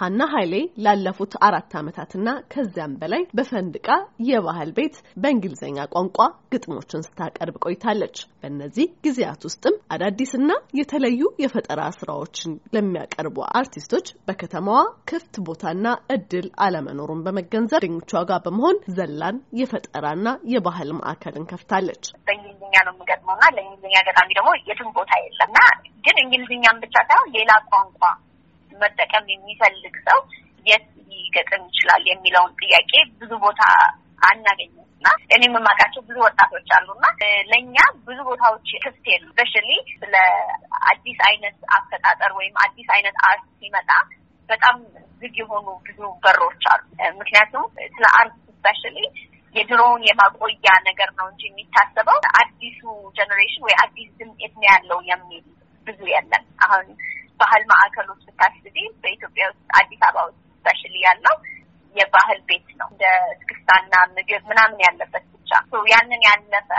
ሀና ኃይሌ ላለፉት አራት ዓመታትና ከዚያም በላይ በፈንድቃ የባህል ቤት በእንግሊዝኛ ቋንቋ ግጥሞችን ስታቀርብ ቆይታለች። በእነዚህ ጊዜያት ውስጥም አዳዲስና የተለዩ የፈጠራ ስራዎችን ለሚያቀርቡ አርቲስቶች በከተማዋ ክፍት ቦታና እድል አለመኖሩን በመገንዘብ ጓደኞቿ ጋር በመሆን ዘላን የፈጠራና የባህል ማዕከልን ከፍታለች። በእንግሊዝኛ ነው የምገጥመውና ለእንግሊዝኛ ገጣሚ ደግሞ የትም ቦታ የለም እና ግን እንግሊዝኛም ብቻ ሳይሆን ሌላ ቋንቋ መጠቀም የሚፈልግ ሰው የት ሊገጥም ይችላል የሚለውን ጥያቄ ብዙ ቦታ አናገኝም እና እኔም ብዙ ወጣቶች አሉና ለእኛ ብዙ ቦታዎች ክፍት የሉ ስፔሻሊ ስለ አዲስ አይነት አፈጣጠር ወይም አዲስ አይነት አርት ሲመጣ በጣም ዝግ የሆኑ ብዙ በሮች አሉ። ምክንያቱም ስለ አርት ስፔሻሊ የድሮውን የማቆያ ነገር ነው እንጂ የሚታሰበው አዲሱ ጀኔሬሽን ወይ አዲስ ድምጤት ነው ያለው የሚል ብዙ የለም። አሁን ባህል ማዕከሎች ብታስቢ በኢትዮጵያ ውስጥ አዲስ አበባ ውስጥ ስፔሻሊ ያለው የባህል ቤት ነው። እንደ እስክስታና ምግብ ምናምን ያለበት ብቻ ያንን ያለፈ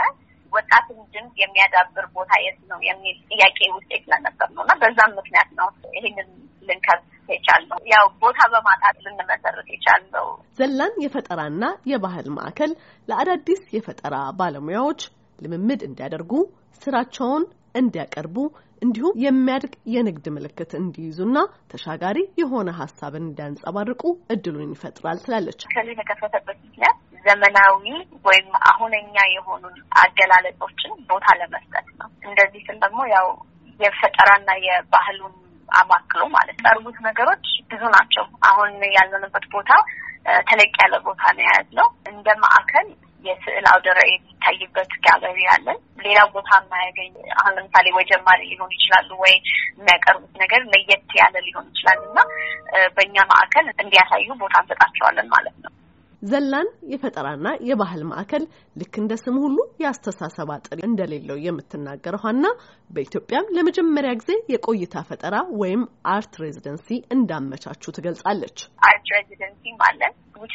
ወጣትን ድምፅ የሚያዳብር ቦታ የት ነው የሚል ጥያቄ ውስጤ ለነበር ነው እና በዛም ምክንያት ነው ይህንን ልንከብ የቻልነው ያው ቦታ በማጣት ልንመሰርት የቻልነው። ዘላን የፈጠራና የባህል ማዕከል ለአዳዲስ የፈጠራ ባለሙያዎች ልምምድ እንዲያደርጉ ስራቸውን እንዲያቀርቡ እንዲሁም የሚያድግ የንግድ ምልክት እንዲይዙና ተሻጋሪ የሆነ ሀሳብን እንዲያንጸባርቁ እድሉን ይፈጥራል ትላለች። ከዚህ የተከፈተበት ምክንያት ዘመናዊ ወይም አሁነኛ የሆኑ አገላለጾችን ቦታ ለመስጠት ነው። እንደዚህ ስል ደግሞ ያው የፈጠራና የባህሉን አማክሎ ማለት ጠርቡት ነገሮች ብዙ ናቸው። አሁን ያለንበት ቦታ ተለቅ ያለ ቦታ ነው የያዝነው። እንደ ማዕከል የስዕል አውደ ርዕይ የሚታይበት ጋለሪ አለን። ሌላ ቦታ የማያገኝ አሁን ለምሳሌ ወይ ጀማሪ ሊሆን ይችላሉ ወይ የሚያቀርቡት ነገር ለየት ያለ ሊሆን ይችላል እና በእኛ ማዕከል እንዲያሳዩ ቦታ እንሰጣቸዋለን ማለት ነው። ዘላን የፈጠራና የባህል ማዕከል ልክ እንደ ስም ሁሉ የአስተሳሰብ አጥር እንደሌለው የምትናገረው ሀና በኢትዮጵያም ለመጀመሪያ ጊዜ የቆይታ ፈጠራ ወይም አርት ሬዚደንሲ እንዳመቻቹ ትገልጻለች። አርት ሬዚደንሲም አለን uh,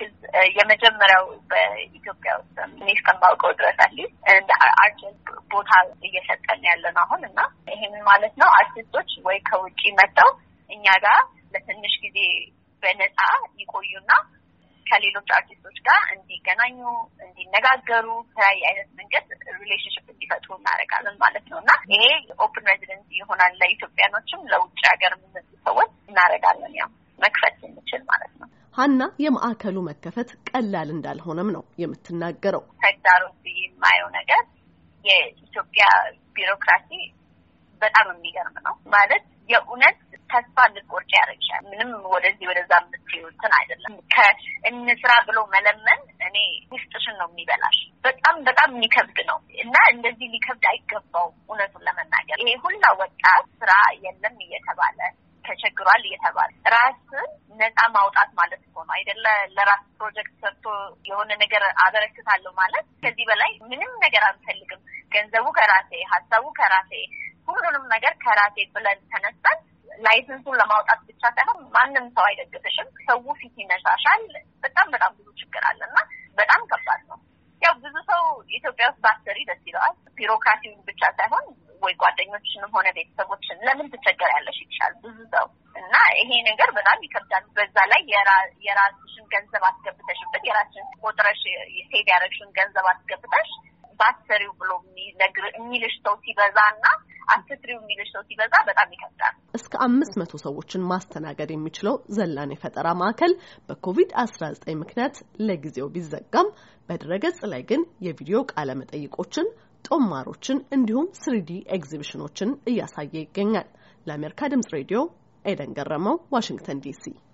የመጀመሪያው በኢትዮጵያ ውስጥ እኔ እስከማውቀው ድረስ እንደ አርት ቦታ እየሰጠን ያለን አሁን እና ይህም ማለት ነው አርቲስቶች ወይ ከውጭ መጥተው እኛ ጋር ለትንሽ ጊዜ በነፃ ይቆዩና ከሌሎች አርቲስቶች ጋር እንዲገናኙ፣ እንዲነጋገሩ ተለያየ አይነት መንገድ ሪሌሽንሽፕ እንዲፈጥሩ እናደርጋለን ማለት ነው እና ይሄ ኦፕን ሬዚደንሲ ይሆናል ለኢትዮጵያኖችም ለውጭ ሀገር የምንመጡ ሰዎች እናደርጋለን ያው መክፈት የምችል ማለት ነው። ሀና የማዕከሉ መከፈት ቀላል እንዳልሆነም ነው የምትናገረው። ተግዳሮት የማየው ነገር የኢትዮጵያ ቢሮክራሲ በጣም የሚገርም ነው ማለት የእውነት ተስፋ ልትቆርጭ ያደርግሻል። ምንም ወደዚህ ወደዛ የምትይውትን አይደለም። ከእንስራ ብሎ መለመን እኔ ውስጥሽን ነው የሚበላሽ። በጣም በጣም የሚከብድ ነው እና እንደዚህ ሊከብድ አይገባው እውነቱን ለመናገር ይሄ ሁላ ወጣት ስራ የለም እየተባለ ተቸግሯል እየተባለ ራስን ነፃ ማውጣት ማለት እኮ ነው አይደለ? ለራስ ፕሮጀክት ሰርቶ የሆነ ነገር አበረክታለሁ ማለት ከዚህ በላይ ምንም ነገር አንፈልግም። ገንዘቡ ከራሴ ሀሳቡ ከራሴ ሁሉንም ነገር ከራሴ ብለን ተነስተን ላይሰንሱን ለማውጣት ብቻ ሳይሆን ማንም ሰው አይደግፍሽም። ሰው ፊት ይነሳሻል። በጣም በጣም ብዙ ችግር አለ እና በጣም ከባድ ነው። ያው ብዙ ሰው ኢትዮጵያ ውስጥ ባትሰሪ ደስ ይለዋል። ቢሮክራሲውን ብቻ ሳይሆን ወይ ጓደኞችንም ሆነ ቤተሰቦችን ለምን ትቸገር ያለሽ ብዙ ሰው እና ይሄ ነገር በጣም ይከብዳል። በዛ ላይ የራስሽን ገንዘብ አስገብተሽበት የራስሽን ቆጥረሽ ሴቭ ያደረግሽን ገንዘብ አስገብተሽ ባትሰሪው ብሎ የሚልሽ ሰው ሲበዛ እና አትስሪው የሚል ሰው ሲበዛ በጣም ይከብዳል። እስከ አምስት መቶ ሰዎችን ማስተናገድ የሚችለው ዘላን የፈጠራ ማዕከል በኮቪድ አስራ ዘጠኝ ምክንያት ለጊዜው ቢዘጋም በድረገጽ ላይ ግን የቪዲዮ ቃለ መጠይቆችን፣ ጦማሮችን እንዲሁም ስሪዲ ኤግዚቢሽኖችን እያሳየ ይገኛል። ለአሜሪካ ድምጽ ሬዲዮ ኤደን ገረመው ዋሽንግተን ዲሲ